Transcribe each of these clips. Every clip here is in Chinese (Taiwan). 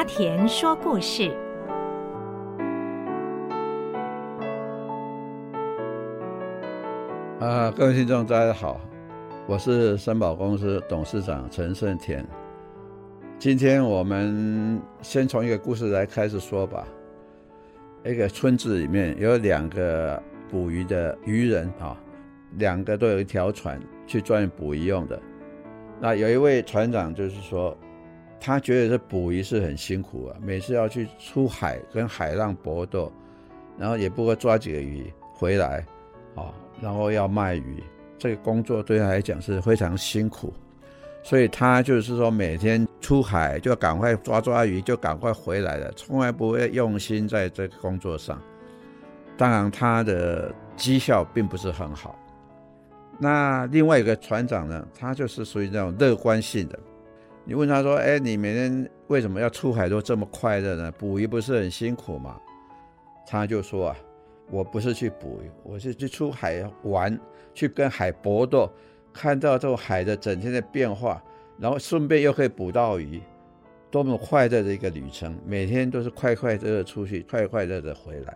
阿田說故事。啊、呃，各位聽眾，大家好，我是森寶公司董事長陳勝田。今天我們先從一個故事來開始說吧。一個村子裡面有兩個捕魚的漁人啊、哦，兩個都有一條船去專門捕魚用的。那有一位船長就是說。他覺得這捕魚是很辛苦啊，每次要去出海跟海浪搏鬥，然後也不會抓幾個魚回來，啊，然後要賣魚，這個工作對他來講是非常辛苦，所以他就是說每天出海就趕快抓抓魚，就趕快回來了，從來不會用心在這個工作上。當然，他的績效並不是很好。那另外一個船長呢，他就是屬於那種樂觀性的。你問他說：“哎，你每天為什麼要出海都這麼快樂呢？捕魚不是很辛苦嗎？”他就說：“啊，我不是去捕魚，我是去出海玩，去跟海搏鬥，看到這個海的整天的變化，然後順便又可以捕到魚，多麼快樂的一個旅程！每天都是快快樂樂出去，快快樂樂的回來。”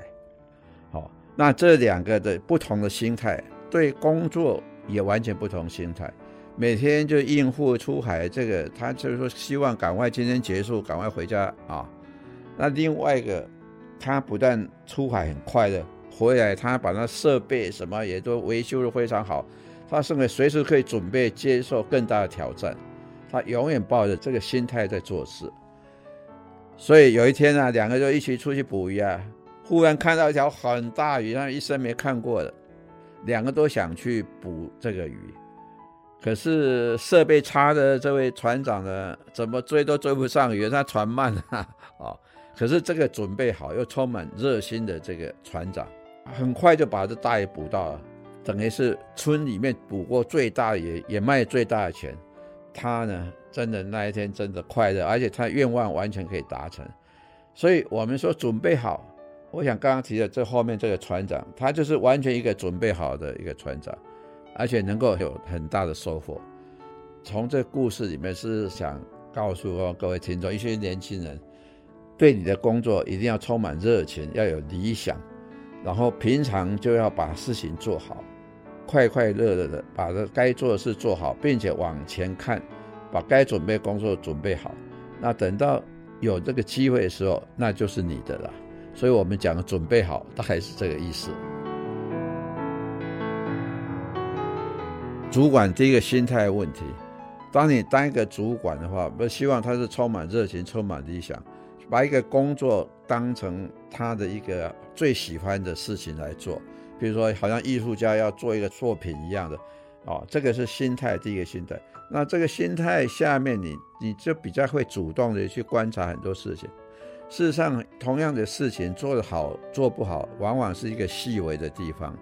哦，好，那這兩個的不同的心態，對工作也完全不同心態。每天就應付出海，這個他就是說希望趕快今天結束，趕快回家啊。那另外一個，他不但出海很快樂，回來他把那設備什麼也都維修的非常好，他甚至隨時可以準備接受更大的挑戰。他永遠抱着這個心態在做事。所以有一天啊，兩個就一起出去捕魚啊，忽然看到一條很大魚，他一生沒看過的，兩個都想去捕這個魚。可是設備差的這位船長呢，怎麼追都追不上，原來他船慢啊。哦，可是這個準備好又充滿熱心的這個船長，很快就把這大魚捕到了，等於是村裡面捕過最大的魚，也賣最大的錢。他呢，真的那一天真的快樂，而且他願望完全可以達成。所以我們說準備好，我想剛剛提的這後面這個船長，他就是完全一個準備好的一個船長。而且能夠有很大的收穫。從這故事裡面是想告訴各位聽眾，一些年輕人對你的工作一定要充滿熱情，要有理想，然後平常就要把事情做好，快快樂樂的把這該做的事做好，並且往前看，把該準備的工作準備好。那等到有這個機會的時候，那就是你的了。所以我們講的準備好，大概是這個意思。主管，第一個心態問題，當你當一個主管的話，不希望他是充滿熱情、充滿理想，把一個工作當成他的一個最喜歡的事情來做。比如說，好像藝術家要做一個作品一樣的，哦，這個是心態第一個心態。那這個心態下面你，你你就比較會主動的去觀察很多事情。事實上，同樣的事情做得好做不好，往往是一個細微的地方。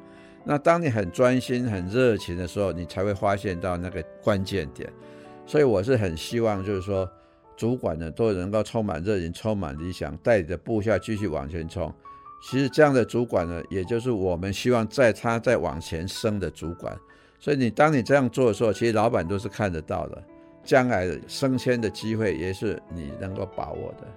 那當你很專心、很熱情的時候，你才會發現到那個關鍵點。所以我是很希望，就是說，主管呢都能夠充滿熱情、充滿理想，帶你的部下繼續往前衝。其實這樣的主管呢，也就是我們希望在他再往前升的主管。所以你當你這樣做的時候，其實老闆都是看得到的，將來升遷的機會也是你能夠把握的。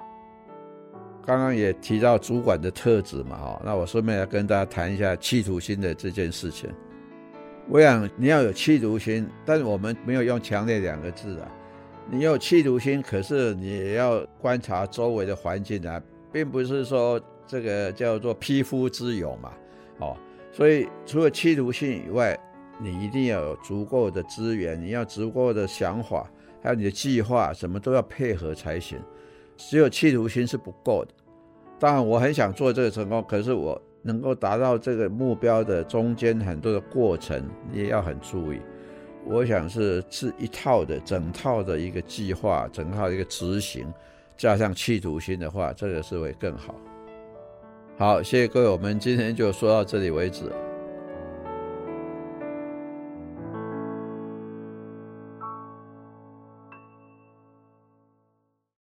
剛剛也提到主管的特質嘛，哈，那我順便要跟大家談一下企圖心的這件事情。我想你要有企圖心，但我們沒有用強烈兩個字啊。你要有企圖心，可是你也要觀察周圍的環境啊，並不是說這個叫做匹夫之勇嘛，哦，所以除了企圖心以外，你一定要有足夠的資源，你要足夠的想法，還有你的計劃，什麼都要配合才行。只有企圖心是不夠的，當然我很想做這個成功，可是我能夠達到這個目標的中間很多的過程，你也要很注意。我想是是一套的整套的一個計劃，整套一個執行，加上企圖心的話，這個是會更好。好，謝謝各位，我們今天就說到這裡為止。